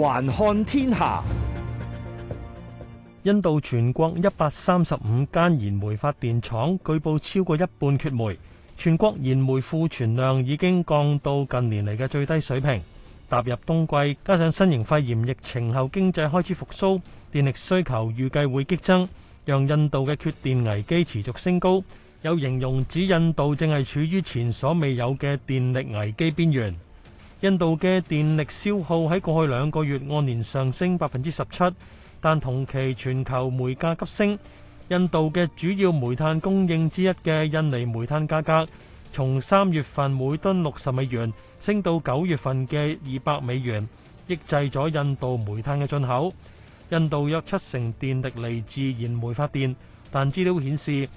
環看天下，印度全國一百三十五間燃煤發電廠據報超過一半缺煤，全國燃煤庫存量已經降到近年嚟嘅最低水平。踏入冬季，加上新型肺炎疫情後經濟開始復蘇，電力需求預計會激增，讓印度嘅缺電危機持續升高。有形容指印度正係處於前所未有嘅電力危機邊緣。印度嘅電力消耗喺過去兩個月按年上升百分之十七，但同期全球煤價急升。印度嘅主要煤炭供應之一嘅印尼煤炭價格，從三月份每噸六十美元升到九月份嘅二百美元，抑制咗印度煤炭嘅進口。印度約七成電力嚟自燃煤發電，但資料顯示，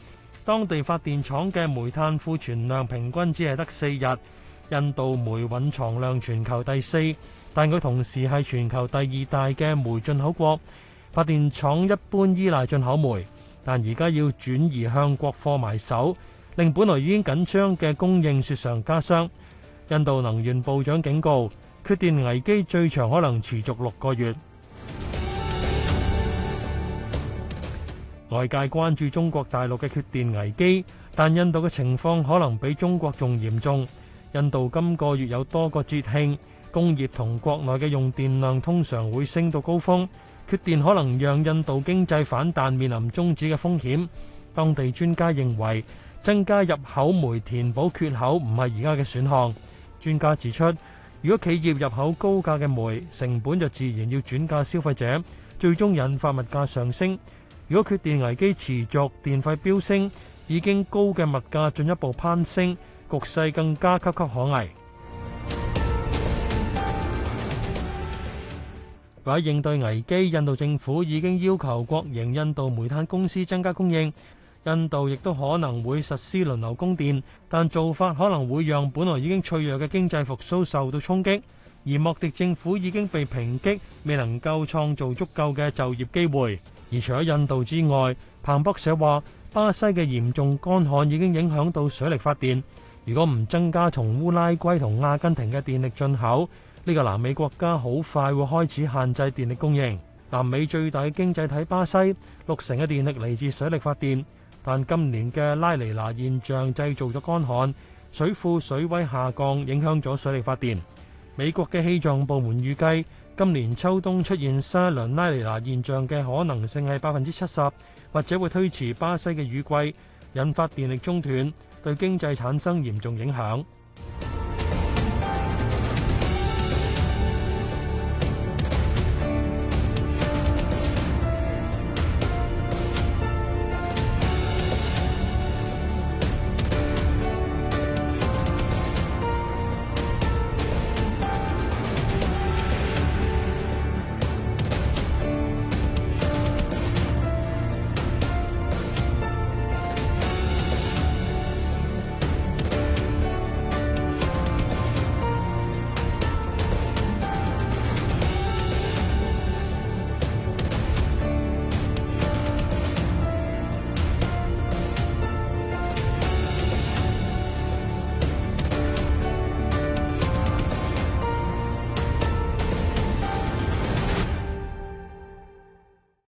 當地發電廠嘅煤炭庫存量平均只係得四日。印度煤蘊藏量全球第四，但佢同時係全球第二大嘅煤進口國。發電廠一般依賴進口煤，但而家要轉移向國貨埋手，令本來已經緊張嘅供應雪上加霜。印度能源部長警告，缺電危機最長可能持續六個月。外界關注中國大陸嘅缺電危機，但印度嘅情況可能比中國仲嚴重。印度今個月有多個節慶，工業同國內嘅用電量通常會升到高峰，缺電可能讓印度經濟反彈面臨中止嘅風險。當地專家認為，增加入口煤填補缺口唔係而家嘅選項。專家指出，如果企業入口高價嘅煤，成本就自然要轉嫁消費者，最終引發物價上升。如果缺電危機持續，電費飆升，已經高嘅物價進一步攀升。局勢更加岌岌可危，為咗應對危機，印度政府已經要求國營印度煤炭公司增加供應。印度亦都可能會實施輪流供電，但做法可能會讓本來已經脆弱嘅經濟復蘇受到衝擊。而莫迪政府已經被抨擊未能夠創造足夠嘅就業機會。而除咗印度之外，彭博社話巴西嘅嚴重乾旱已經影響到水力發電。如果唔增加從烏拉圭同阿根廷嘅電力進口，呢、這個南美國家好快會開始限制電力供應。南美最大經濟體巴西六成嘅電力嚟自水力發電，但今年嘅拉尼娜現象製造咗乾旱，水庫水位下降影響咗水力發電。美國嘅氣象部門預計今年秋冬出現新一輪拉尼娜現象嘅可能性係百分之七十，或者會推遲巴西嘅雨季，引發電力中斷。對經濟產生嚴重影響。